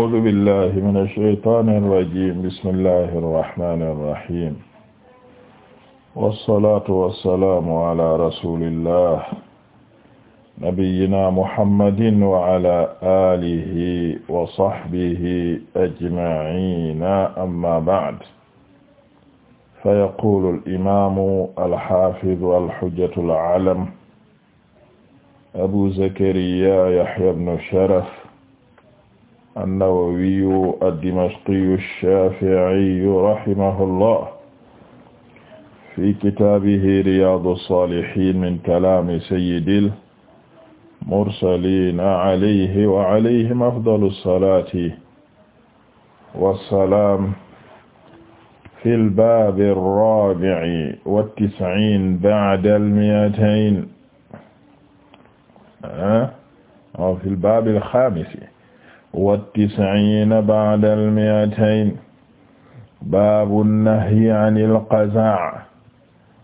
a'uuzu billahi mina shaytaani rajiim bismillahi rahmaani rahiim wassalaatu wassalaamu ala rasulillah nabiyyina muhammadin wa ala aalihi wa sahbihi ajma'iina amma ba'd fa yaquulu al-imaamu al-haafidu al-hujjatu al-alam abu zakariyaa yahyaa ibnu sharaf an-Nawawiyu ad-Dimashqiyu ash-Shafi'iyu rahimahullah fi kitaabihi Riyaadu as-Saalihiin min kalaami sayyidil mursaliin alayhi wa alayhim afdalu as-salaati wassalaam fil baabi ar-raabi'i wat-tis'iin ba'da al-mi'atayn fil baabil xaamisi والتسعين بعد المئتين باب النهي عن القزاع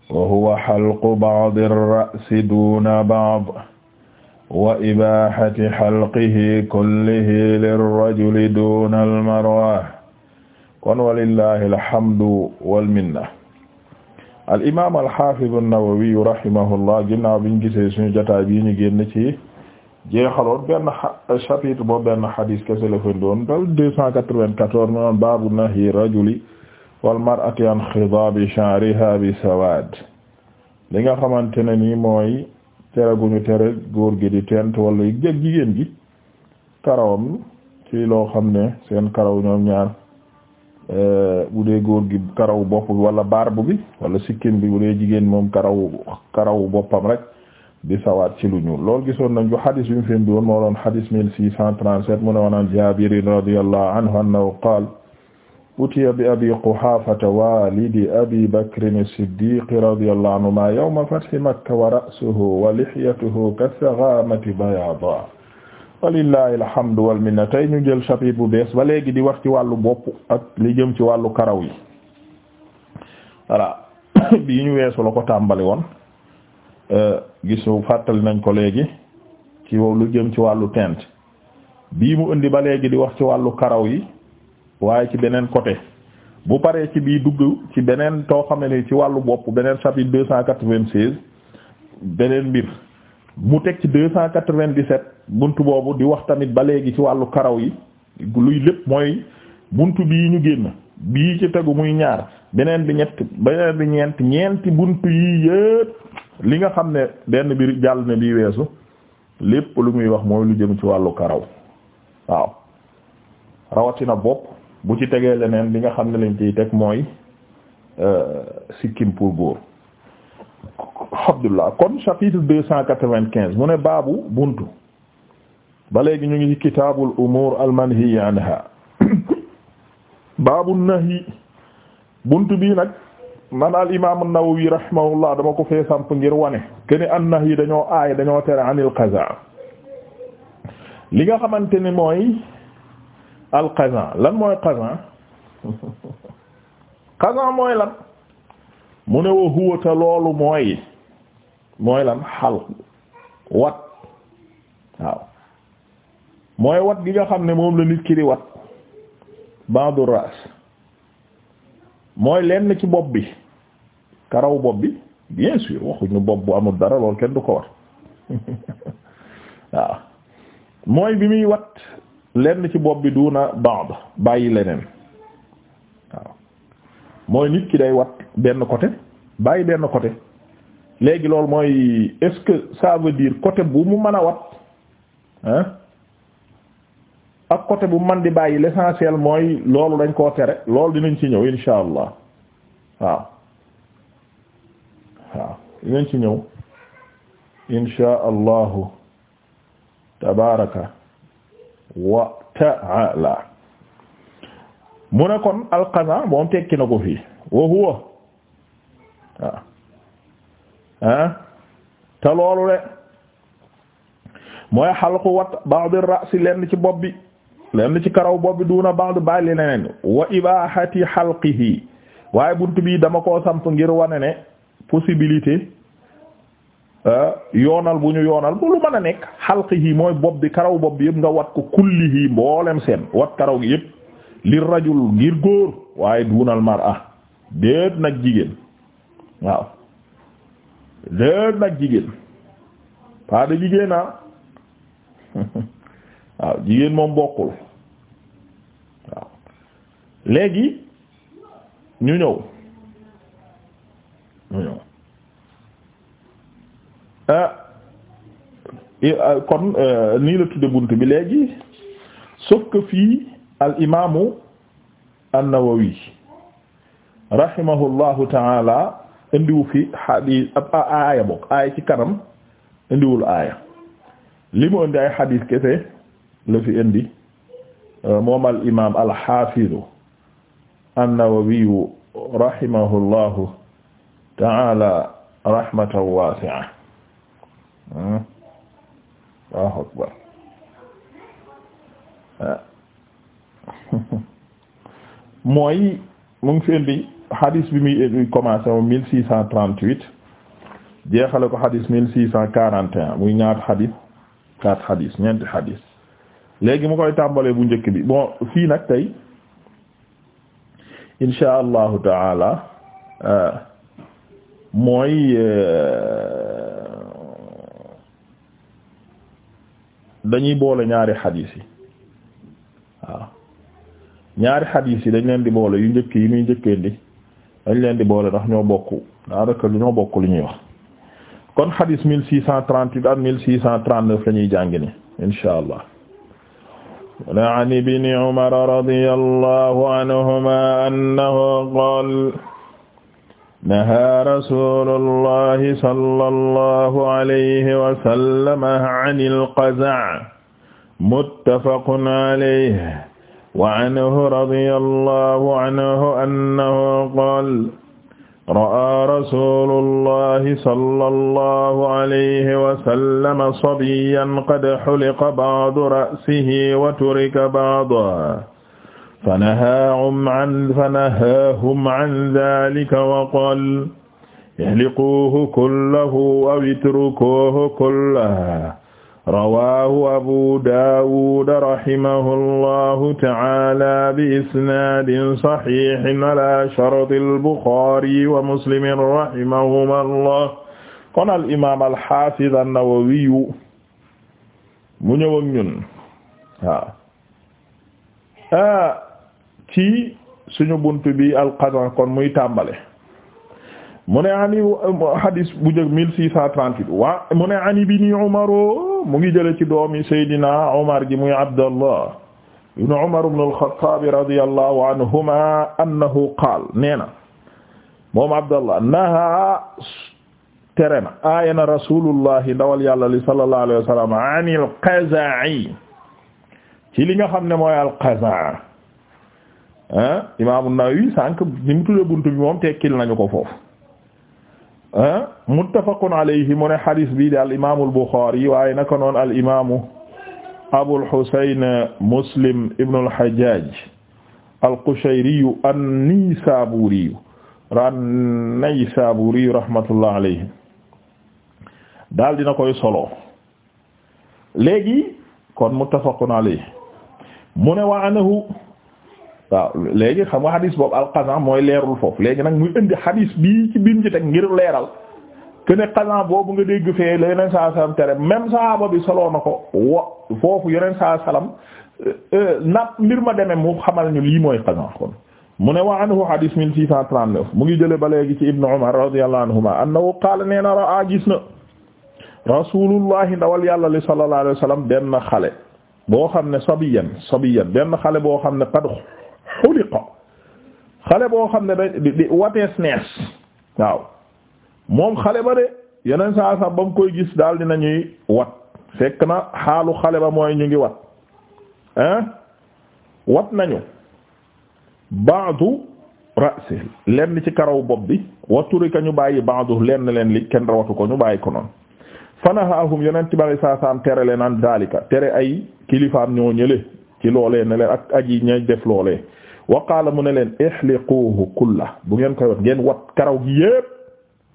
وهو حلق بعض الرأس دون بعض وإباحة حلقه كله للرجل دون المرأة kon ولله الحمد والمنة الإمام الحافظ النووي رحمه الله ginnaaw biñ gisee sunu jotaay bi ñu génn ci jeexaloon benn chapitre boobu benn hadis kese la fa doon dal 294 noon baabu nahyi rajuli wal mar'ati an xidaabi sha'riha bi sawaad li nga xamante ne nii mooy tere gu ñu tere góor gi di tent wala jég jigéen gi karawam ci loo xam ne seen karaw ñoom ñaar euh, bu dee góor gi karaw bopp bi wala barbe bi wala sikkim bi bu dee jigéen moom karaw karawu boppam rek di sawaat ci lu ñuul loolu gisoon nañ ko xadis bi mu fi indi woon moo doon xadis 1637 mu ne woon an Jaabir radiyallahu anhu annahu qaala utiya bi abi Quhaafata waalidi abi Bakrin as-Siddiq radiyallahu anhumaa yawma fathi Makka wa ra'suhu wa lihyatuhu ka-saghaamati bayaadaa walillahi alhamdu wal minna tey ñu jël chapitre bu bees ba léegi di wax ci wàllu bopp ak li jëm ci wàllu karaw yi ñu weesu la Euh, gisu fàttali nañ ko léegi ci wow lu jëm ci wàllu teint bii mu indi ba léegi di wax ci wàllu karaw yi waaye ci beneen côté bu paree ci bii dugg ci beneen too xam ne ci wàllu bopp beneen sabi deux cent quatre beneen mbir mu teg ci deux cent quatre boobu di wax tamit ba léegi ci wàllu karaw yi luy lépp mooy bunt bii ñu génn bii ci tegu muy ñaar beneen bi ñett beneen bi ñeent ñeenti buntu yi yëpp li nga xam ne benn bi jàll ne bii weesu lépp lu muy wax mooy lu jëm ci wàllu karaw waaw rawatina bopp bu ci tegee leneen li nga xam ne lañ ciy teg mooy euh, sikkim pour góor Abdullah kon chapitre deux cent quatre-vingt-quinze mu ne baabu buntu ba léegi ñu ngi kitaabul umuur al manhiyi anha baabu nahyi buntu bii nag man al imaam an-Nawawi rahimahullah dama ko fee samp ngir wane kene annah yi dañoo aay dañoo tere anil qaza li nga xamante ne mooy al qaza lan mooy qaza qaza mooy lan mu ne wa huwa ta loolu mooy mooy lan xal wat waaw mooy wat gi nga xam ne moom la nit ki di wat ba'du ras mooy lenn ci bopp bi karaw bopp bi bien sûr waxuñu bopp bu amul dara loolu kenn du ko war waaw mooy bi muy wat lenn ci bopp bi duna band bàyyi leneen waaw mooy nit ki day wat benn côté bàyyi benn côté léegi loolu mooy est-ce que ça veut côté bu mu mën a wat hein ak côté bu man di bàyyi l'essentiel mooy loolu dañ koo tere loolu dinañ ci ñëw insha allah waaw dinañ ci ñëw insha allahu tabaraka wa ta'ala mu ne kon alqaza moom tekki na ko fii wa huwa waaw ah te loolu le mooy xalqu wat ba'd ar-ra's lenn ci bopp bi lenn ci karaw boobu duuna ba'd bàyyi leneen wa ibaahati halqihi waaye bunt bi dama koo samp ngir wane ne possibilité euh, yoonal bu ñu yoonal bu lu mën a nekk halqihi mooy bopp bi karaw bopp bi yépp nga wat ko kullihi mboolem seen wat karaw gi yëpp li rajul ngir góor waaye duunal mar'a déet nag jigéen waaw déet nag jigéen pas de jigéen waaw jigéen moom bokkul waaw léegi ñu ñëw ñu ñëw euh, euh, kon euh, nii la tudde bunt bi léegi sauf que fii al imaamu an-Nawawi rahimahullahu taala indiwu fi xadiis ab aaya bokk aaya ci kanam indiwul aaya li mu indi ay xadiis kese la fi indi euh, moom al imaam al xaafidu an-Nawawiyu rahimahullahu taala rahmatan waasi'a hmm? Allahu mooy mu fi indi xadis bi muy commencé moom mille six cent trente-huit jeexale ko xadis mille six cent quarante et un muy ñaat xadis quatre xadis léegi mu koy tàmbalee bu njëkk bi bon fii nag tey insha allahu taala euh, mooy euh, dañuy boole ñaari xadiis yi waaw ñaari xadiis yi dañ leen di boole yu njëkk yi muy njëkkeen di dañ leen di boole ndax ñoo bokk daanaka ñoo bokk lu ñuy wax kon xadiis mille six cent trente-huit ak mille six cent trente-neuf la ñuy jàng ni insha allah an ibni Umar radiyallahu anhuma annahu qaala nahaa rasuulullahi sallallahu alayhi wa sallam anil qaza' muttafaqun alayhi wa anhu radiyallahu anhu annahu qaala ra'a rasulullahi sallallahu alayhi wa sallam sabiyyan qad xuliqa ba'du ra'sihi wa turika ba'duhu fanahaahum an fanahaahum an dhaalika wa qaala ihliquuhu kullahu aw itrukuuhu kullahu rawaahu abu daawud rahimahullahu ta'ala bi isnaadin saxiixin ala shartil buxaari wa muslimin rahimahumullah kon al imaam al xaafiz an-nawawi mu ñëw ak ñun waaw ah ci suñu bunt bi al qada kon muy tàmbale mu ne ani hadis bu njëkk 1638 waa mu ne ani bi ni Umar mu ngi jële ci doomi Seydina Umar ji muy Abdallah ibn Umar ibn al-Khattab radiyallahu anhuma annahu qaal nee na moom Abdallah naha tere na aayana rasulullahi ndawal yàlla li sallallahu alayhi wa sallam ani al-qaza'i ci li nga xam ne mooy al-qaza' ah Imam An-Nawawi sànq ni mu tudde buntu bi moom tekkil nañu ko foofu muttafaqun alayhi mu ne xadis bii di al imaamu al Buxaari waaye naka noonu al imaamu Abul Husayn Muslim ibn al Hajjaj al Qushayri an-Naysaburi an-Naysaburi rahmatullah alayhi daal dina koy solo léegi kon muttafaqun alayhi mu ne wa anhu waaw léegi xam nga xadis boobu alxazan mooy leerul foofu léegi nag muy indi xadis bii ci biir ci teg ngir leeral que ne boobu nga dégg fee la yeneen saa salaam tere même sahaaba bi solo na ko wa foofu yeneen saa salaam na mbir ma demee mu xamal ñu lii mooy xazan kon mu ne wa anhu xadis 1639 mu ngi jële ba léegi ci ibnu umar radiyallahu anhuma annahu qaala nee na a gis na rasulullahi ndawal yàlla li sallallahu alayhi wa sallam xale boo xam ne sabiyan sabiyan benn xale boo xam ne qad xuliqa xale boo xam ne da di watees nees waaw moom xale ba de yeneen saa sax ba mu koy gis daal na ñuy wat fekk na xaalu xale ba mooy ñu ngi wat ah wat nañu baadu rasi lenn ci karaw bopp bi waturika ñu bàyyi baadu lenn leen li kenn rawatu ko ñu bàyyi ko noonu fanahaahum yonent bi saa saam tere leen an daalika tere ay kilifaam ñoo ñële ci loolee ne leen ak aji ñay def loolee wa mu ne leen ihliquhu kulla bu ngeen koy wat ngeen wat karaw gi yépp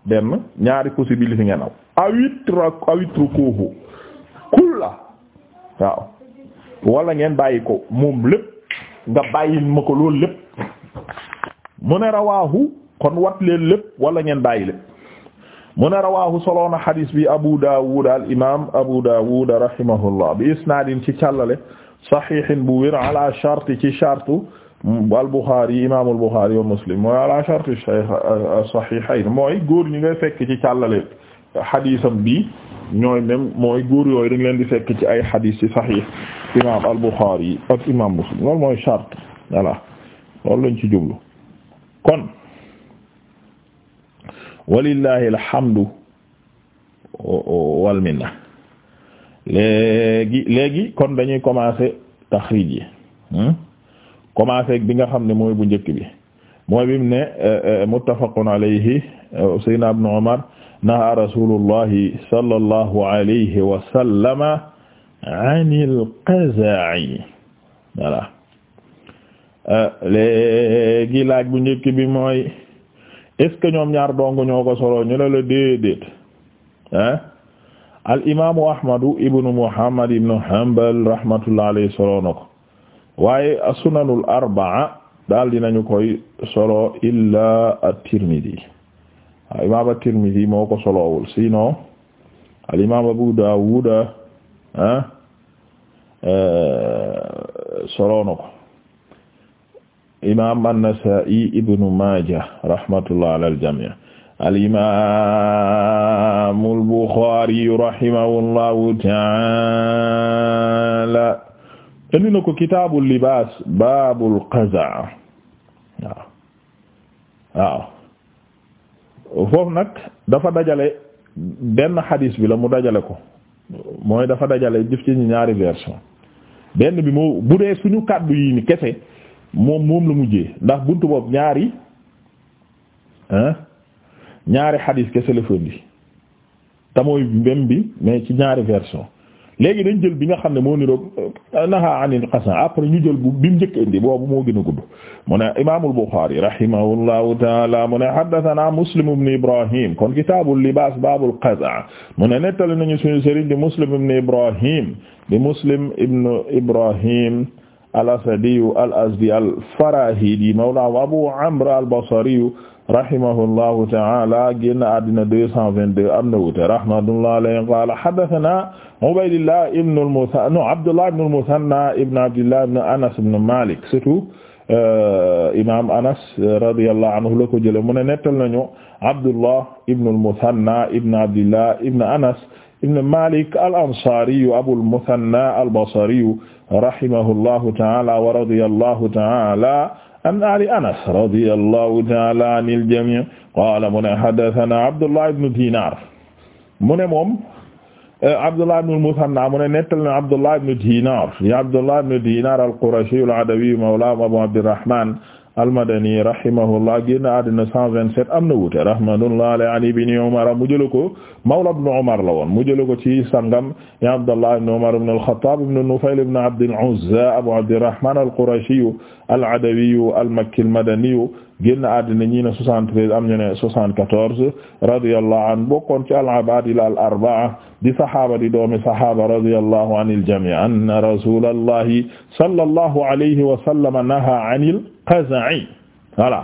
benn ñaari possibilité ngeen aw awitra awitrukuhu kulla waaw wala ngeen bàyyi ko moom lépp nga bàyyil ma ko lool lépp mu ne rawaahu kon wat leen lépp wala ngeen bàyyi lépp mu ne rawaahu soloona xadis bi Abu Dawud al imaam Abu Dawud rahimahullah bi isnaadin ci càllale saxiixin bu wér ala charte ci charte al Bukhari imaamul Bukhari wa Muslim mooy ala sharti euh, sahihayn mooy góor ñi ngay fekk ci càllale xadiisam bi ñooy même mooy góor yooyu dañ leen di fekk ci ay xadiis ci sahih imaam al Bukhari imaam Muslim loolu mooy shart voilà loolu lañ ci jublu kon walillahi xamdu wal minna léegi léegi kon dañuy commencer taxriij yi hmm? commencé ak bi nga xam ne mooy bu njëkk bi mooy bi mu ne eh, eh, muttafaqun alayhi eh, sayyidina ibn Umar naha rasulullahi sallallahu alayhi wa sallama anil qaza'i voilà léegi laaj bu njëkk bi mooy est ñoom ñaar dong ñoo ko solo ñu ne la déedéet al imaamu Ahmadu ibnu Muhammad ibnu Hanbal rahmatullahi alayhi solo na ko waaye as-sunanul arba'a daal dinañu koy solo illa at-Tirmidhi al imaam at-Tirmidhi moo ko solowul sinon al imaam Abu Dawud ah eh, solo na ko imaam an-Nasa'i ibnu Majah rahmatullah ala al-jami' al imaam al-Bukhari rahimahullahu ta'ala indi na ko kitaabul libaas baabul qaza waaw foofu nag dafa dajale benn xadis bi la mu dajale ko mooy dafa dajale jëf ci ñaari version benn bi moo bu dee suñu kàddu yi ni kese moom moom la mujjee ndax buntu boobu ñaari ñaari xadis kese la fëndi te mooy même bi mais ci ñaari version léegi dañ jël bi nga xam ne moo niroog euh, naha anil qasan après ñu jël bu bi mu njëkk indi boobu moo gën a gudd mu ne imaamul Buxaari rahimahullahu taala mu ne haddathana Muslim ibn Ibrahim kon kitaabul libaas baabul qasan mu ne nettali nañu suñu sëriñ di Muslim ibn Ibrahim di Muslim ibn Ibrahim al-Asadi al-Azdi al-Farahidi mawla Abu Amr al-Basri rahimahullahu ta'ala génn àddina 222 am na wuute rahmatullahi alayhi qala hadathana Ubaydullah ibn al-Muthanna no Abdullah ibn al-Muthanna ibn Abdillah ibn Anas ibn Malik surtout euh, imam Anas radiyallahu anhu la ko jële mu ne nettal nañu Abdullah ibn al-Muthanna ibn Abdillah ibn Anas ibn Malik al-Ansari Abul Muthanna al-Basri rahimahullahu ta'ala wa radiyallahu ta'ala an ali anas radiyallahu ta'ala anil jami' qala mu ne hadathana abdullah ibn dinar mu ne moom eh, abdullah ibn al-muthanna mu ne nettali na abdullah ibn dinar ya abdullah ibn dinar al-qurashi al-adawi mawla abu abdirrahman almadani rahimahullah génn àddina 127 am na wuute rahmatullah alayhi an ibni Umar mu jëlee ko mawla ibn Umar la woon mu jëlee ko ci sangam ya Abdallah ibn Umar ibn al-Khattab ibn Nufayl ibn Abd al-Uzza Abu Abdirrahman al-Qurashi al-Adawi al-Makki al-Madani génn àddina ñi ne 73 am ñu ne 74 radiyallahu an bokkoon ci al-abaadil al-arba'a di saxaaba di doomi saxaaba radiyallahu anil jamii' anna rasulallahi sallallahu alayhi wa sallam naha anil qaza'i voilà.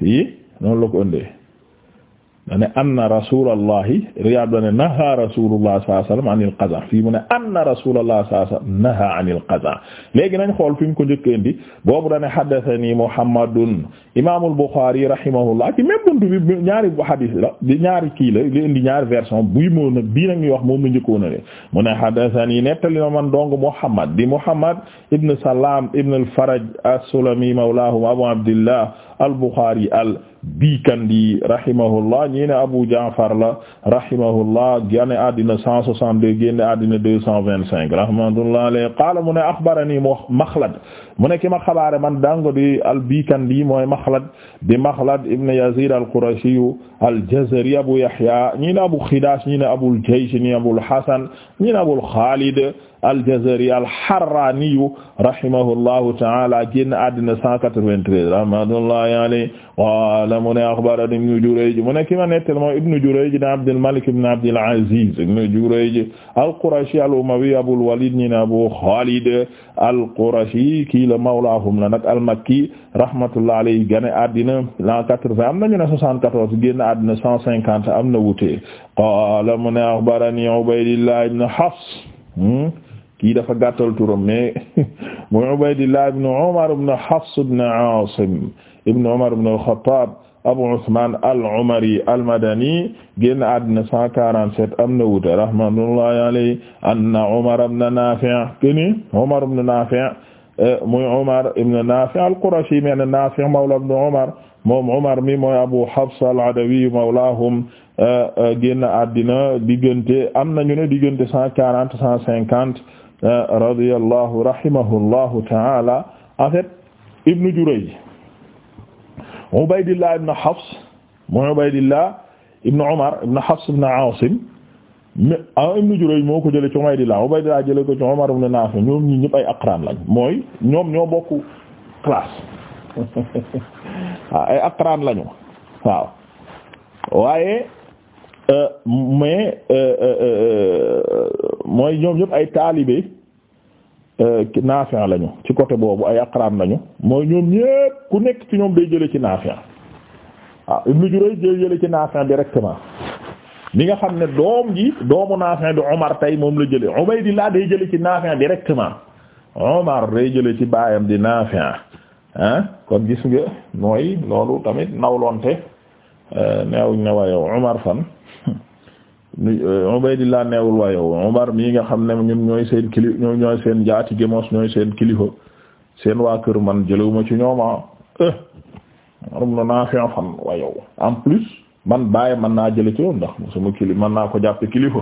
fii noonu la ko ëndee. dane anna rasulallahi Riyaad dane naha rasulullah sallallahu alayhi wasallam anil qaza fii mu ne anna rasulullah sallallahu alayhi wasallam naha léegi nañ xool fi mu ko njëkk indi boobu dane haddathani Muhammadun imaamul Bukhari rahimahullah ci même buntu bi ñaari hadith la di ñaari kii la li indi ñaari version buy moo nag bii nag ñuy wax moom la njëkkoon a mu ne haddathani nettali na man dong Muhammad di Muhammad ibn Salam ibn al-Faraj as-Sulami mawlahum Abu Abdillah al-Bukhari al-Bikandi rahimahullah ñi ne Abu Ja'far la rahimahullah génn àddina 162 génn àddina 225 rahmatullah alayhi qaala mu ne akhbarani Makhlad mu ne ki ma xabaare man dango di al-Bikandi mooy Makhlad di Makhlad ibn Yazid al-Qurashi al-Jazari Abu Yahya ñi ne Abu Khidash ñi ne Abul Jaysh ñi ne Abul Hasan ñi ne Abul Khalid al-Jazari al-Harraniyu rahimahullahu ta'ala génn àddina 193 rahmatullahi alayhi qala mu ne akhbarani Ibnu Jurayj mu ne ki ma nettal moo Ibnu Jurayj ibn Abdul Malik ibn Abdul Aziz Ibnu Jurayj al-Qurashi al-Umawi Abul Walid ñi ne Abu Khalid al-Qurashi kii la mawlaahum la nag al-Makki rahmatullahi alayhi génn àddina l'an 80 am nañu ne 74 génn àddina 150 am na wuute qala mu ne akhbarani Ubaydullah ibn Hafs hmm? kii dafa gàttal turam mais muy Ubaydillah ibn Umar ibn Hafs ibn Asim ibn Umar ibn al-Khattab Abu Uthman al-Umari al-Madani génn àddina 147 am na wuute rahmatullahi alayhi anna Umar ibn Nafi' kene Umar ibn Nafi' muy Umar ibn Nafi' al-Qurashi min Nafi' mawla ibn Umar moom Umar mi mooy Abu Hafs al-Adawi mawlahum génn àddina diggante am nañu ne diggante 140 150 radiyallahu rahimahullahu ta'ala en fait ibnu Jurayj Ubaydillah ibn Hafs mooy Ubaydillah ibn Umar ibn Hafs ibn Asim ah ibn Jurayj moo ko jëlee ci Ubaydillah Ubaydillah jëlee ko ci Umar ibn Nafi ñoom ñi ñëpp ay aqran lañ mooy ñoom ñoo bokk classe waaw ah, ay aqran lañu waaw waaye Euh, mais euh, euh, mooy ñoom ñëpp ay taalibe Naafi' lañu ci côté boobu ay aqraan lañu mooy ñoom ñëpp ku nekk ci ñoom day jële ci Naafi' waaw ah, Ibnu Jurayj day jële ci Naafi' directement mi nga xam ne doom ji doomu Naafi' di Umar tey moom la jële Ubaydillah day jële ci Naafi' directement Umar day jële ci baayam di Naafi' ah kon gis nga mooy loolu tamit nawlonte neewuñ ne Umar fan Eh, Ubaydillah neewul waa yow Umar mii nga xam ne ñun ñooy seen kili ñooy seen jaati gémos ñooy seen kilifa seen waa kër man jëlewuma ci ñooma ah. eh marum na naa fin man mën naa jële ci yoon ndax sama mën naa ko jàppe kilifa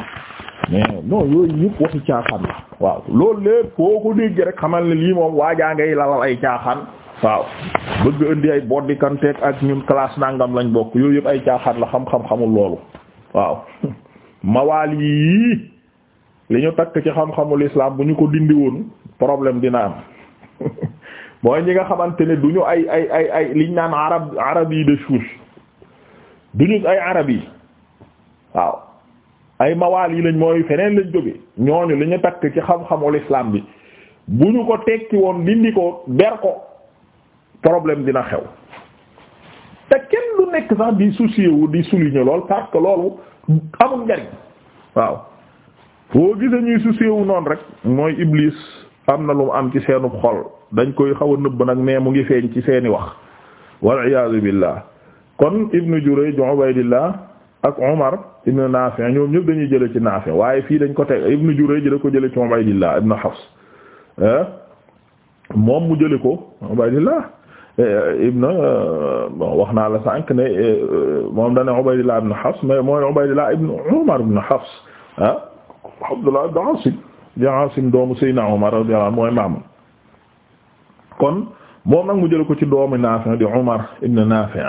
mais non yooyu yëpp waxi caaxaan la waaw loolu lépp foo ko dégg rek xamal ne lii moom waajaa ngay lalal ay caaxaan waaw bëgg indi ay boddikanteeg ak ñun classe nangam lañ bokk yooyu yëpp ay caaxaan la xam-xam xamul loolu waaw mawaali yii li ñu takk ci xam-xamul islam bu ñu ko dindi woon problème dina am mooy ñi nga xamante ne du ñu ay ay ay liñ naan arab arab yi de souche du ñu ay arab yi waaw ay mawaal yi lañ mooy feneen lañ jóge ñooñu li ñu takk ci xam-xamul islam bi bu ñu ko tekki woon dindi ko ber problème dina xew te kenn du nekk sax di soucier wu di souligner lool parce loolu amul njariñ waaw foo gisee ñuy suséewu noonu rek mooy iblis am na lu am ci seenub xol dañ koy xawa a nëbb nag mais mu ngi feeñ ci seeni wax wal iyaadu billah kon ibnu Jurayj Ubaydillah ak Umar ibnu Naafi ñoom ñëpp dañuy jële ci Naafi waaye fii dañ ko teg ibnu ju da ko jële ci Ubaydillah ibnu Hafs eh? moom mu jële ko Ubaydillah Eh, ibna euh, bon wax naa la sànq ne euh, euh, moom dane Ubaydillah ibn Hafs mais mooy Ubaydillah ibn Umar ibn Hafs ah Abdullah ibn Asim di Asim doomu Seydina Umar radiyallahu mooy maamam kon moom nag mu jël ko ci doomu Naafi' di Umar ibn Naafi'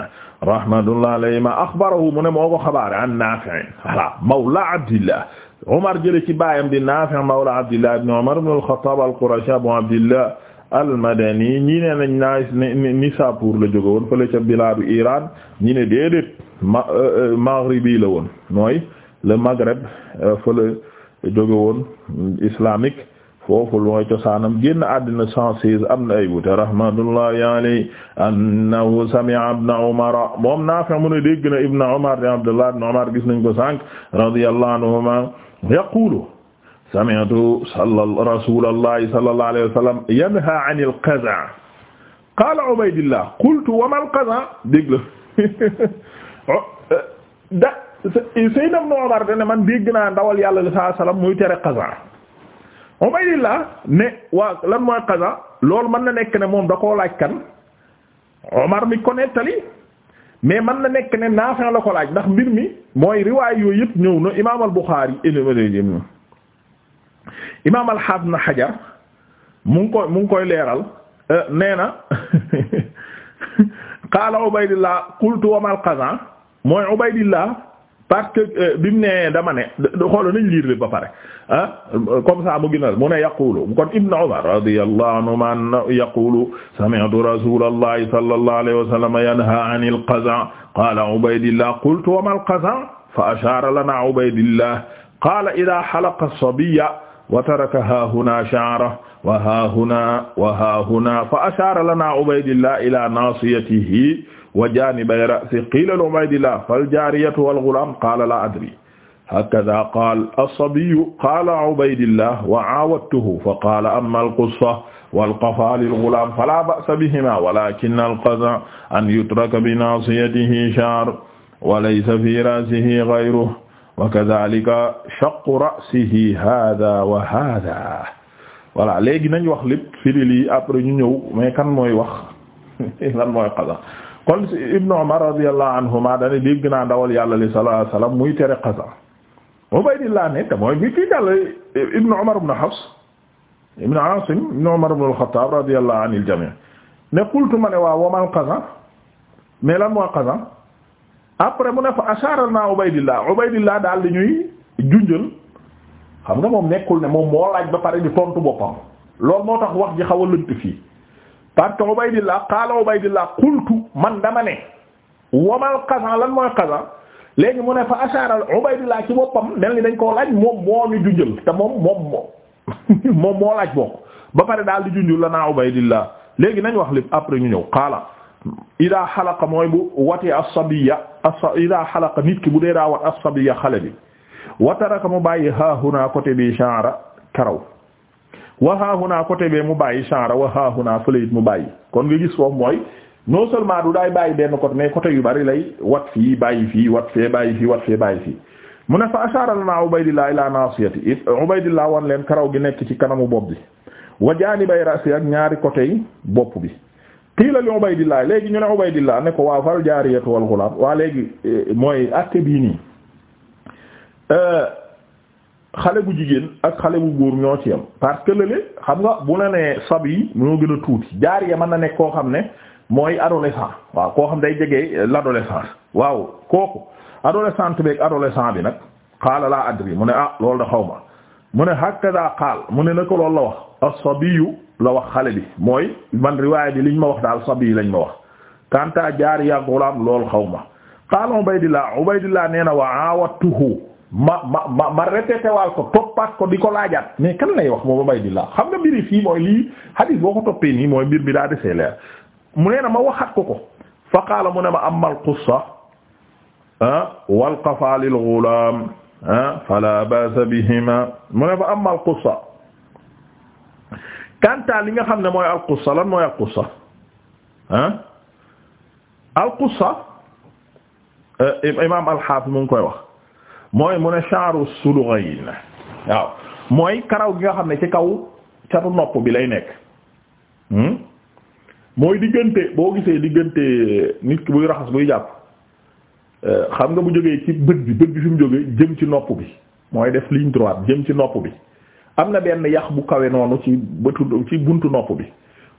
rahmatullahi alayhi ma axbarahu mu ne moo ko xabaare an Naafi' voilà mawla Abdillah Umar jële ci baayam di Naafi' mawla Abdillah ibn Umar ibn al-Khattab al-Qurashi Abu Abdillah al-Madani ñi ne nañ naa Nisapur la jóge woon fële ca bilaadu Iran ñi ne déedéet ma euh, euh, maghribi la woon mooy le Maghreb euh, fële jóge woon islamique foofu mooy cosaanam génn àddina 116 am ay wute rahmatullahi alayhi annahu sami'a ibn moom Naafi' mu ne dégg na ibn Umar de Abdullah ibn Umar gis nañ ko sànq radiyallahu anhuma yaqulu sami'tu rasulallahi sallallahu alayhi wa sallam yanha anil qaza' qaala Ubaydillah qultu wa mal qaza' dégg la oh, eh, da Seydina Ibn Umar ne man dégg naa ndawal yàlla sallallahu alayhi wa sallam muy tere qaza' Ubaydillah ne waa lan mooy qaza' loolu mën na nekk ne moom da koo laaj kan Umar mi ko nettali mais mën na nekk ne Naafi' la ko laaj ndax mbir mi mooy riwaay yooyu yëpp ñëw na Imaam al-Bukhari imaam alxaab na xajar mu ngi koy mu ngi koy leeral euh, nee na qaala ubaydillah qultu wa mal qazan mooy ubaydillah parce que euh, bi mu nee dama ne xoolal nañ liir li ba pare ah comme ça mu gënal mu ne yaqulu kon ibn Umar radiyallahu anhuma anna yaqulu sami'tu rasulallahi sallallahu alayhi wa sallam yanha 'anil qaza' qala ubaydillah qultu wa mal qaza' fa ashara lana ubaydillah qala idha halaqa as-sabiyya wa taraka haahuna sha'ra wa haahuna wa haahuna fa ashaara lana Ubaydillah ila naasiyatihi wa jaanibay ra'sihi qiila li Ubaydillah fal jaariyatu wal ghulaam qaala laa adrii hakadaa qaala as-sabiyyu qaala Ubaydillah wa aawadtuhu fa qaala ammaa al-qussa wal-qafaa lil-ghulaam falaa ba'sa bihimaa walaakinna al-qazaa an yutraka bi naasiyatihi sha'r wa laysa fii ra'sihi ghayruhu wa kadhalika shaqqu ra'sihi hadha wa hadha voilà léegi nañ wax lépp firi lii après ñu ñëw mais kan mooy wax lan mooy qada kon ibnu umar radiyallahu anhuma dane dégg naa ndawal yàlla li sallallahu alayhi wasallam muy tere qada Ubaydillah ne te mooy bi kii jàll ibnu umar ibnu hafs ibnu asim ibnu umar ibnu al-khattab radiyallahu anil jami' ne qultu ma ne waaw wamal qada mais lan mooy qada après mu ne fa asharal naa Ubaydillah Ubaydillah daal di ñuy junjal xam nga moom nekkul ne moom moo laaj ba pare di tontu boppam lool moo tax wax ji xaw a lënt fii parce que Ubaydillah qaala Ubaydillah qultu man dama ne wamal qaza lan mooy qaza léegi mu ne fa asharal Ubaydillah ci boppam mel ni dañ koo laaj moom moo ñu junjal te moom moom moom moom moo laaj bokk ba pare daal di junjul la naa Ubaydillah léegi nañ wax lépp après ñu ñëw qaala ida xalaqa mooy bu watee as-sabiya ida xalaqa nit ki bu dee daa wat as xale bi wa taraka mu bàyyi haahuna côté bi sha'ra karaw wa haahuna côté bee mu bàyyi sha'ra wa haahuna fële it mu bàyyi kon nga gis foofu mooy non seulement du daay bàyyi benn côté mais côté yu bari lay wat fii bàyyi fii wat fee bàyyi fii wat fee bàyyi fii mu ne fa ashara lana Ubaydillah ila nasiyati Ubaydillah wan leen karaw gi nekk ci kanamu bopp bi wa jaanibay rasi ak ñaari côté bopp bi qiila li Ubaydillah léegi ñu ne Ubaydillah ne ko waaw fal jaariyatu wal ghulaam waa léegi e, mooy acte bii nii e, xale bu jigéen ak xale bu góor ñoo ci yam parce que lële xam nga bu la nee sab yi noo gën a tuuti yee man na nekk koo xam ne mooy adolescent waaw koo xam day jege l'adolescence waaw kooku adolescente beeg adolescent bi nag qaala laa adri mu ne ah loolu da xaw ma mu ne hakaza qaal mu ne na ko loolu la wax as-sabiyyu la wax xale bi mooy man riwaaya bi liñ ma wax daal sabi lañ ma wax kanta jaariya gulaam lool xaw ma qaala Ubaydillah Ubaydillah nee na wa aawatuhu ma ma ma ma répété waal ko toppaat ko di ko laajaat mais kan lay wax boobu Ubaydillah xam nga mbiri fii mooy lii hadis boo ko toppee nii mooy mbir bi daa desee leer mu nee na ma waxat ko ko fa qaala mu ne ma amma al-qussa ah, wal qafaa lil gulaam ah, fala ba'sa bihima mu ne fa amma al-qussa kanta li nga xam ne mooy alqussa lan mooy alqussa ah alqussa eh, imam alxaafis mu ngi koy wax mooy mu ne sha'ru sulughayn waaw mooy karaw gi nga xam ne ci kaw catu nopp bi lay nekk hmm? mooy diggante boo gisee diggante nit ki buy raxas buy jàpp eh, xam nga bu jógee ci bët bi bët bi fi jógee jëm ci nopp bi mooy def ligne droite jëm ci nopp bi am na benn yax bu kawe noonu ci bëtu ci buntu nopp bi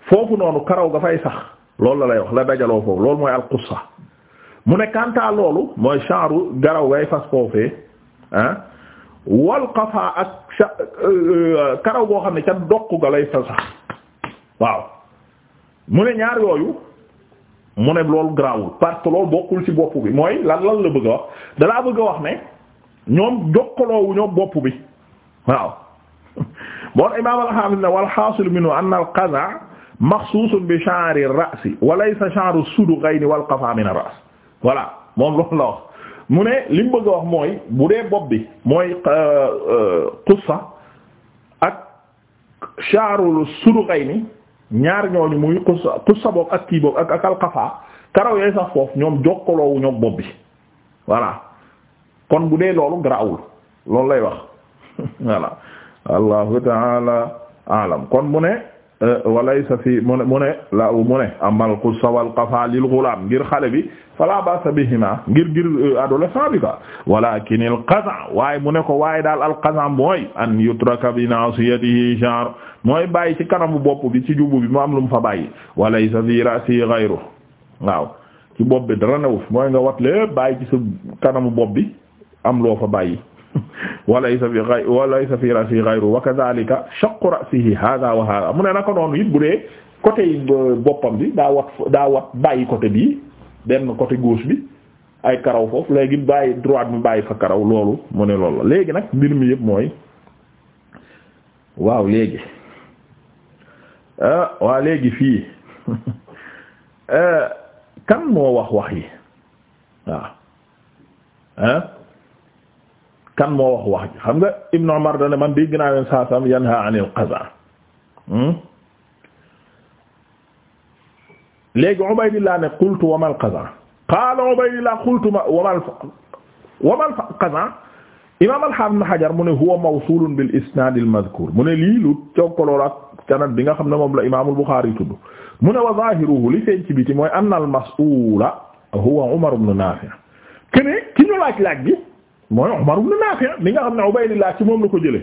foofu noonu karaw ga fay sax loolu la lay wax la dajaloo foofu loolu mooy alqussa mu ne kantaa loolu mooy sha'ru garaw gay fas foofee ah wal ak euh, karaw goo xam ne ca doq ga lay fa sax waaw mu ne ñaar yooyu mu ne loolu garaawul parce que loolu bokkul ci bopp bi mooy lan lan la bëgg a wax dalaa bëgg a wax ne ñoom jokkaloowu ñoom bopp bi waaw moon imam al-hafiz ne walxaasilu minhu anna al-qaza' maxsuusun bi sha'ri ar-ra's wa laysa wal-qafa' min ar-ra's voilà moom loolu mu ne li mu wax mooy bu dee bopp bi mooy xussa euh, euh, ak sha'ru as-sudghayni ñaar ñooñu muy xussa xussa ak kii boobu ak ak karaw yooyu sax foofu ñoom jokkaloowu ñoom bopp bi kon bu dee loolu garaawul loolu lay wax voilà allahu taala alam kon mu ne euh, walaysa fi mu ne mu ne la mu ne amal xussa wal lil ghulam ngir xale bi fala basa bihima ngir ngir euh, adolescent bi ba walakin waaye mu ne ko waaye daal al mooy an yutraka bi nasiyatihi sha'r mooy bàyyi ci kanamu bopp bi ci jubu bi mu am lu fa bàyyi walaysa fi ra'si ghayru waaw ci bopp bi dara newuf mooy nga wat lépp bàyyi ci kanamu bopp bi am loo fa bàyyi walaysa fi ghay walaysa fi ra'si ghayru wa kadhalika shaqqu ra'sihi hadha wa hadha mu ne naka noonu it bu dee côté boppam bi daa wat daa wat bàyyi côté bii benn côté gauche bi ay karaw foofu léegi bàyyi droite mu bàyyi fa karaw loolu mu ne loolu la léegi nag mbir mi yëpp mooy waaw léegi ah, waa léegi fii ah, kan moo wax wax yi waaw ah kan moo wax wax xam nga Ibn Umar dana man dégg naa leen saa saam yanha anil qaza hmm? léegi Ubaydillah ne qultu wamal qaza qaala Ubaydillah qultu ma wamal wamal qaza imaam al-Haafiz Ibn Hajar mu ne huwa mawsuulun bil isnaad al-madhkuur mu ne lii lu cokkaloo ak sanad bi nga xam ne moom la imaamul Buxaari tudd mu ne wa zaahiruhu li feeñ ci biti mooy anna al-mas'uula huwa Umar ibn Naafi' kene ki ñu laaj laaj bi. mooy Umar ibn Nafi' ah, mi nga xam ne Ubaydillah ci moom la ko jële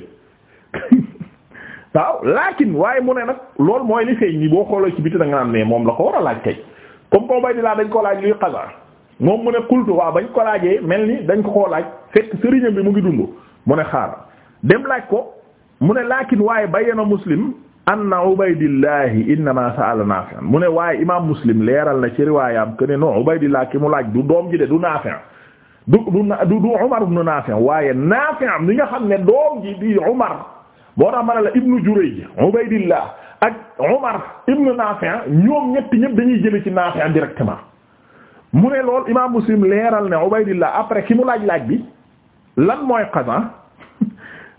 waaw laakin waaye mu ne nag loolu mooy ni feeñ ni boo xoolee ci biti da nga naan ne moom la ko war a laaj kay comme ko Ubaydillah dañ ko laaj luy xaga moom mu ne kultu waaw bañ ko laajee mel ni dañ ko koo laaj fekk sëriñam bi mu ngi dund mu ne xaar dem laaj ko mu ne lakin waaye bayyana Muslim anna Ubaydillahi innama sa'ala Nafi' mu ne waaye imaam Muslim leeral na ci riwaayam que ne non Ubaydillah mu laaj du doom ji de du Nafi' du du du Umar ibn Nafi' waaye Nafi' mi nga xam ne doom ji di Umar moo tax ma ne la Ibn Jurayj Ubaydillah ak Umar ibn Nafi' ñoom ñett ñëpp dañuy jële ci Nafi' directement mu ne lool Imaam Muslim leeral ne Ubaydillah après ki mu laaj laaj bi lan mooy qaza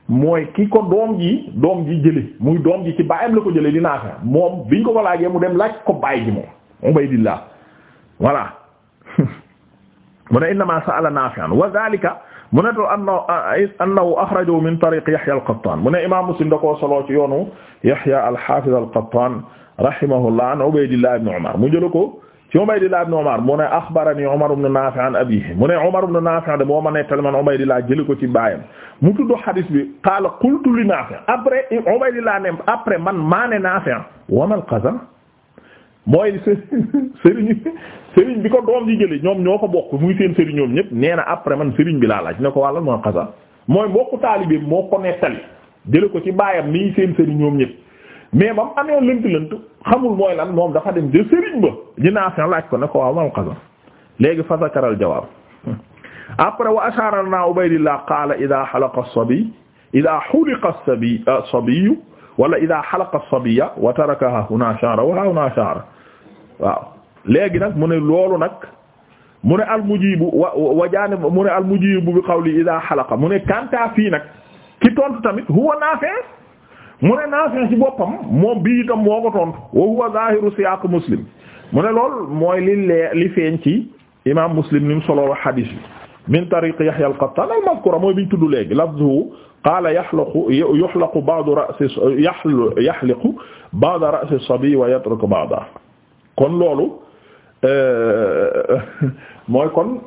mooy ki ko doom gi doom ji jële muy doom ji ci baayam la ko jële di Nafi' moom biñ ko ko laajee mu dem laaj ko baay ji moom Ubaydillah voilà mu ne innama sa'ala Naafi'an wa zaalika mu ne to anna annahu axrajahu min tariq Yahya al-Qattaan mu ne imaam Muslim da koo soloo ci yoonu Yahya al-Haafiz al-Qattaan rahimahullah an Ubaydillah ibn Umar mu jël ko ci Ubaydillah ibn Umar mu ne axbarani Umar ibn Naafi' an abiihi mu ne Umar ibn Naafi' de moo ma nettali man Ubaydillah jël ko ci baayam mu tudd hadiis bi qaala qultu li Naafi' après Ubaydillah ne après man maa ne Naafi' wa mal qazam mooy sëriñ sëriñ bi ko doom ji jële ñoom ñoo ko bokk muy seen sëriñ ñoom ñëpp nee na après man sëriñ bi laa laaj ne ko wàllal moo xasa mooy mbokku taalibe moo ko nettali jële ko ci baayam nii seen sëriñ ñoom ñëpp mais ba mu amee lënt-lënt xamul mooy lan moom dafa dem de sëriñ ba dinaa fi laaj ko ne ko waaw mal xasa léegi fasakaral jawaab après wa ashara na Ubaydillah qaala ida xalaqa as-sabi ida xuliqa as-sabi euh, as wala ida xalaqa as-sabiya wa waaw léegi nag mu ne loolu nag mu ne al mujibu wa wa janib mu ne al mujibu bi qawli ida xalaqa mu ne kanta fii nag ki tontu tamit huwa Naafi' mu ne Naafi' ci boppam moom bii itam moo ko tontu wa huwa zahiru siyaq muslim mu ne loolu mooy li lee li feeñ ci imam muslim ni mu soloo xadiis bi min tariq Yahya al-Qattan al-mazkura mooy bi ñu tudd léegi lafzuhu qaala yaxlaqu yuxlaqu ba'du ra'si yaxliqu ba'da ra'si as-sabi wa yatruku ba'da kon loolu euh, mooy kon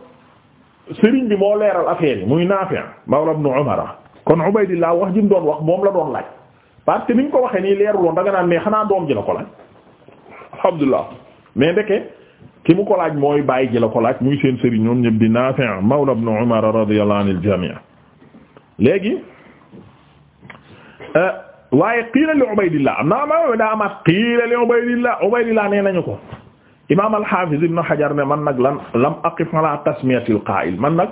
sëriñ bi moo leeral affaire yi muy Naafi' mawla ibn Umar kon Ubaydillah wax ji mu doon wax moom la doon laaj parce que ni mu ko waxee nii leeruloon da nga naan mais xanaa doom ji la ko laaj alhamdulilah mais ndeke ki mu ko laaj mooy baay ji la ko laaj muy seen sëriñ ñoom ñëpp di Naafi' mawla ibn Umar radiyallahu anil jami' léegi. Euh, waaye qiila li am naa ma daa amaat qiila li Ubaydillah nañu ko imaam al-Hafiz Ibn Hajar man nag lan lam aqif ala tasmiyatil qaa'il man nag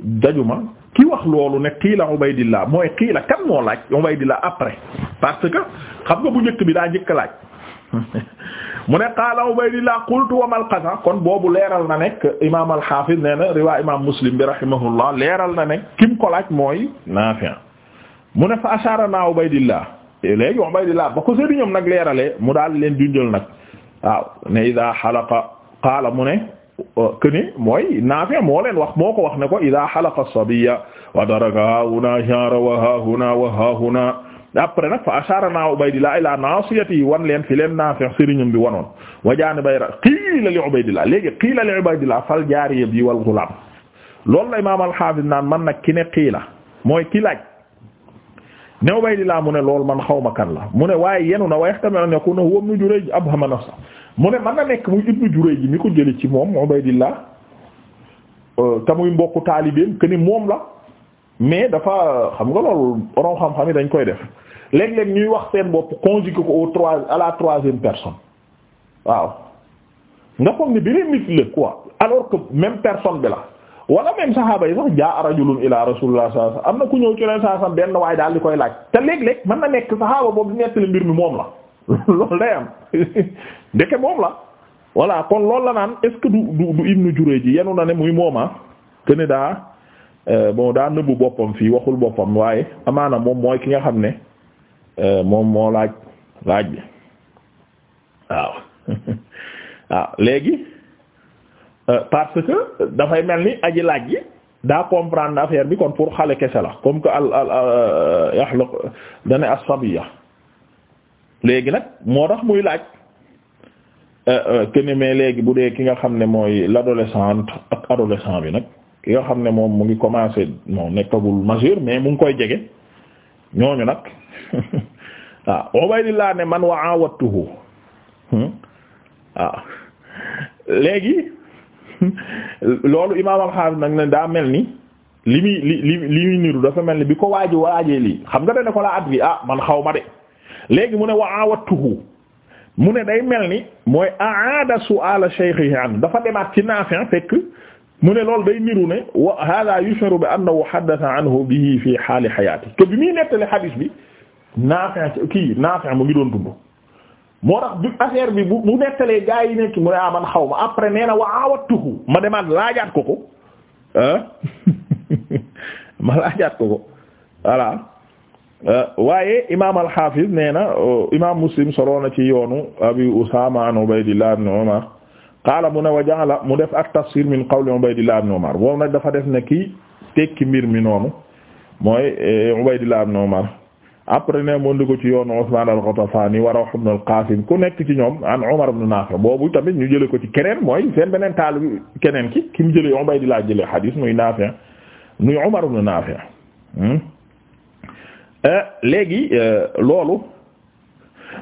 dajuma ki wax loolu ne qiila Ubaydillah mooy qiila kan moo laaj Ubaydillah après parce que xam nga bu njëkk bi daa njëkk laaj mu ne qaala Ubaydillah qultu wa mal qasa kon boobu leeral na nekk imaam al-Hafiz nee na riwaa imaam Muslim bi rahimahullah leeral na nekk kim ko laaj mooy Naafi' mu ne fa ashara na Ubaydillah léegi Ubaydillah ba ko sëriñam nag leerale mu daal leen junjal nag waaw ne ida xalaqa qaala mu ne këni mooy Naafi moo wax moo ko wax ne ko ida xalaqa sabiya wa daraka hahuna jara wa hahuna wa hahuna après nag fa ashara na ila nasiyati wan leen fi leen Naafi sëriñam bi wanoon wa jaani bayra qiila li Ubaydillah léegi qiila li Ubaydillah fal jaariya bi wal gulaam loolu la imaam al-Haafiz naan man nag ki ne qiila mooy ki laaj ne Ubaydillah mu ne loolu man xaw ma kan la mu ne waaye yenu na waaye tamit ne ku ne huwa Ibnu Jurayj abhama nafsa mu ne man na nekk muy Ibnu Jurayj mi ko jële ci moom Ubaydillah euh, te muy mbokku taalibeem que ni moom la mais dafa xam nga lool borom xam-xam yi dañ koy def léeg-léeg ñuy wax seen bopp conjugué ko au trois à la troisième personne waaw nga foog ne beneen nit la quoi alors que même personne bi la. wala même saxaaba yi sax jaa rajulun ila rasulillah sallallahu am na ku ñëw ci leen saa benn waaye daal di koy laaj te léeg-léeg mën na nekk saxaaba boobu di nettali mbir mi moom la loolu day am ndeke moom la. voilà kon loolu la naan est du du Ibnu Jurayj ji yenu na ne muy mooma ah que daa euh, bon daa nëbbu boppam fii waxul boppam waaye amaana moom mooy ki nga xam ne euh, moom moo laaj laaj bi waaw waaw léegi. Euh, parce que dafay mel ni aji laaj ji daa comprendre affaire bi kon pour xale kese la comme que al al euh, yaxluq dana as-sabiya léegi nag moo tax muy laaj euh, que ne mais léegi bu dee ki nga xam ne mooy l'adolescente ak bi nag ki xam ne moom mu ngi commencé moo nekkagul majeur mais mu ngi koy jege ñooñu nag ah, waaw Ubaydillah ne man wa awattuhu waaw hmm? ah. léegi. loolu imaam alxaafis nag ne daa mel ni li muy li li li niru dafa mel ni bi ko waaji waajee lii xam nga dane ko laa at bi ah man xawma ma de léegi mu ne wa awattuhu mu ne day mel ni mooy aada su'ala shaykhihi an dafa demaat ci Naafi' fekk mu ne loolu day niru ne wa hada yushiru bi annahu haddatha anhu bihi fi haali hayaati te bi muy nettali hadis bi Naafi' kii Naafi' mu ngi doon dund moo tax bi affaire bi bu nettalee gaa yi nekk mu ne ah man xaw ma après nee na ma demaat laajaat ko ko ah ma laajaat ko ko voilà euh, waaye imaam al-Hafiz na euh, imaam Muslim solo na ci yoonu Abi Usama an Ubaydillah ibn Umar qaala mu ne wa mu def ak tafsir min qawli Ubaydillah ibn Umar boobu nag dafa def ne kii tekki mbir mi noonu mooy euh, Ubaydillah ibn Umar après ne moo ndi ko ci yoon Usman al-Ghatafani wa Rawh al-Qasim ku nekk ci ñoom an Umar ibn Nafi' boobu tamit ñu jële ko ci keneen mooy seen beneen taal keneen ki ki mu jële Ubaydillah jële hadis muy Nafi' muy Umar ibn Nafi' hmm? eh, léegi eh, loolu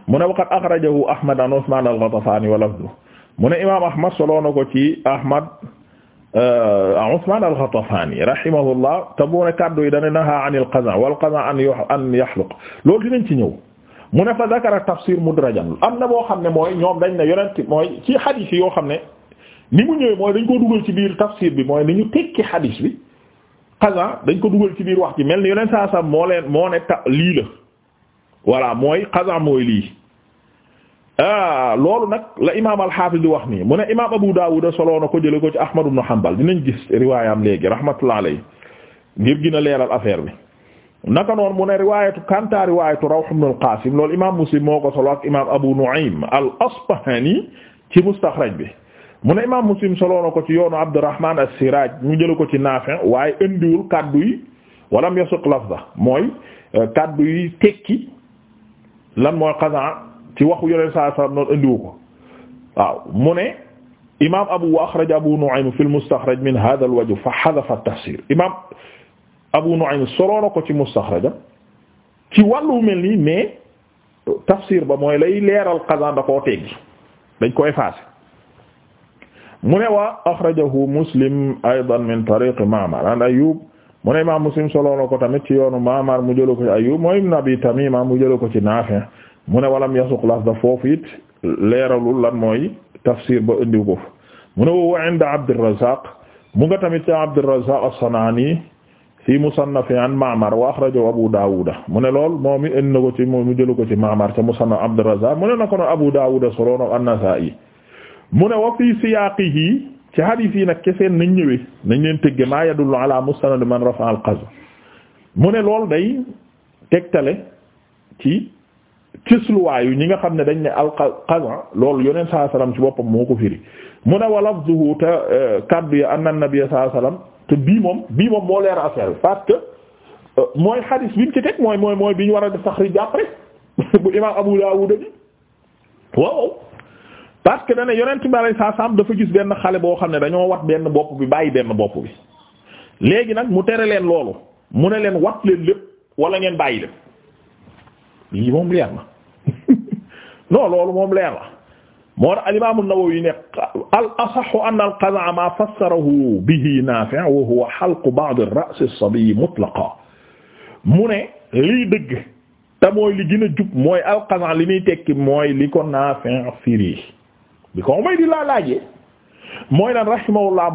mu ne waqad akhrajahu Ahmad an Usman al-Ghatafani wa lafdu mu ne imaam Ahmad solo ko ci Ahmad Euh, Usmaan al-Ghatafani rahimahullah te bu ne kàddu yi dana naha anil qaza wal qaza an an yaxluq loolu dinañ ci ñëw mu ne fa zakara tafsir mudrajan am na boo xam ne mooy ñoom dañ ne yonent mooy ci xadis yi yoo xam ne ni mu ñëwee mooy dañ ko dugal ci biir tafsir bi mooy ni ñu tekki xadis bi qaza dañ ko dugal ci biir wax ji mel ni yonent saa saa moo leen moo ne ta lii la voilà mooy qaza mooy lii. ah loolu nag la imaam al-Hafiz wax nii mu ne imaam Abu Dawud soloo na ko jëlee ko ci Ahmad ibn Hanbal dinañ gis riwaayam léegi rahmatullah alayhi ngir gën a leeral affaire bi. naka noonu mu ne riwaayatu kanta riwaayatu Rawh ibn al-Qasim loolu imaam Muslim moo ko solo ak imaam Abu Nu'aym al-Asbahani ci mustaxraj bi mu ne imaam Muslim soloo ko ci yoonu Abdurrahman as-Siraj mu jëlee ko ci Nafi' waaye indiwul kaddu yi walam yasuq lafza mooy eh, kaddu yi tekki lan mooy qazaa. ci waxu yoneen saa sallam noonu andiwu mu ne imam abu wa axraja abu nu'aym fi mustaxraj min hadha waju wajh fa hadafa at-tafsir imam abu nu'aym soloona ko ci mustaxraja ci wàllu mel nii mais tafsir ba mooy lay leeral qazan da koo teggi dañ ko effacé mu ne wa axrajahu muslim aydan min tariq ma'mar an ayub mu imam muslim soloona ko tamit ci yoonu ma'mar mu jëla ko ci ayub mooy ibn abi tamima mu jëla ko ci nafi' mu ne walam yasuq lafza foofu it leeralul lan mooy tafsir bo indiw ko mu ne wa inda Abdurrazzaq mu nga tamit ca Abdurrazzaq as-San'ani fi musannafi an Ma'mar wa akhrajahu Abu Dawud mu ne lool moom it indi na ko ci moom mu jëlu ko ci Ma'mar ca musannaf Abdurrazzaq mu na ko no Abu Dawud sorono an-Nasa'i mu ne wa fi siyaqihi ci hadith yi nag keseen nañ ñëwee nañ leen tëgge ma yadullu ala mustanad man rafa'a al-qazw mu ne lool day tegtale ci cësluwaayu ñi nga xam ne dañ ne alqazan loolu yoneen saa salaam ci boppam moo ko firi mu ne wa lafzuhu te euh, kaddu ya anna nabiyya saa salaam te bii moom bii moom moo leer affaire parce que euh, mooy hadis bi ñu ci teg mooy mooy mooy bi ñu war a def taxriij après bu imaam Abu Daawud bi waaw parce que dañ ne yonent bi alayhi salaam dafa gis benn xale boo xam ne dañoo wat benn bopp bi bàyyi benn bopp bi léegi nag mu tere leen loolu mu ne leen wat leen lépp wala ngeen bàyyi lépp lii moom leer na non loolu moom leer na moo tax al-Imaam an-Nawawi ne al-asahhu anna al-qazaa maa fassarahu bihi Naafi' mu ne lii dëgg te mooy li gën a jub mooy al li muy tekki mooy li ko Naafi' firi bi ko may di laa laajee mooy lan rahimahullah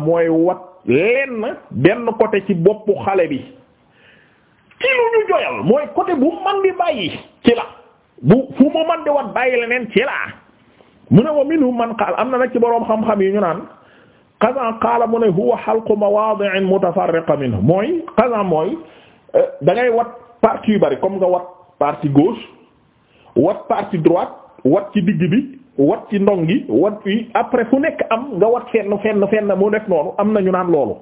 côté ci boppu xale bi. ci lu ñu joyal mooy côté bu man di bàyyi ci la bu fu mu man di wat bàyyi leneen ci la mu ne wa minhum man qaal am na nag ci boroom xam-xam yi ñu naan qazan qaala mu ne huwa halqu mawaadi'in mutafarriqa minhu mooy qazan mooy euh, da ngay wat partie yu bari comme nga wat partie gauche wat partie droite wat ci digg bi wat ci ndong gi wat fi après fu nekk am nga wat fenn fenn fenn mu nekk noonu am na ñu naan loolu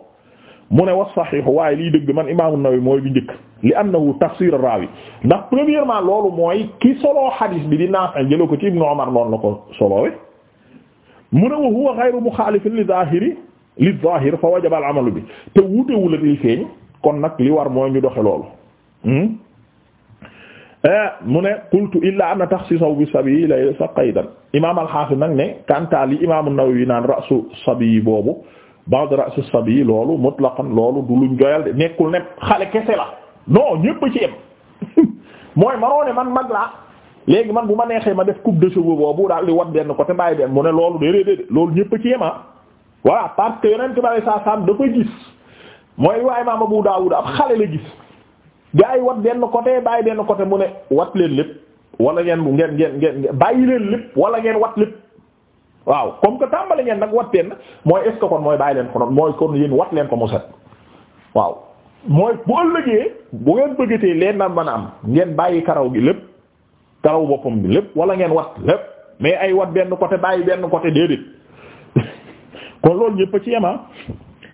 mu ne wax saxiixu waaye lii dëgg man imaamu Nawawi mooy bi njëkk li annahu tafsir raawi ndax premièrement loolu mooy ki soloo xadiis bi di Naafi' jëla ko ci Ibnu Umar noonu la ko soloowe mu ne wa huwa ghayru li zaahiri li zaahir fa wajaba al-amalu bi te wuutewul ak li feeñ kon nag li war mooy ñu doxe loolu hmm? eh, mu ne qultu illa anna taxsiisahu bi sabiyi laysa qaydan imaam al-Haafiz nag ne kantaal yi imaamu Nawawi naan ra'su sabiyi boobu ba'da ra's as-sabi loolu mutlaqan loolu du luñ joyal de nekkul ne xale kese la non ñépp ci yem mooy maroo ne man mag laa léegi man bu ma neexee ma def coupe de cheveux boobu daal di wat benn côté bàyyi benn mu ne loolu déedéet loolu ñépp ci yem ah voilà parce saa saam dafa mooy waaye maam Abu Daawud ab xale la gaa yi wat benn côté bàyyi benn côté mu ne wat leen lépp wala ngeen ngeen ngeen ngeen bàyyi leen lépp wala ngeen wat lépp. waaw comme que tàmbali ngeen nag wat teen mooy est ce que kon mooy bàyyi leen ko mooy kon yéen wat leen ko mu set waaw mooy bu ëllëgee bu ngeen bëggatee leen na man a am ngeen bàyyi karaw gi lépp karaw boppam bi lépp wala ngeen wat lépp mais ay wat benn côté bàyyi benn côté déedéet kon loolu ñëpp a ci yema ah.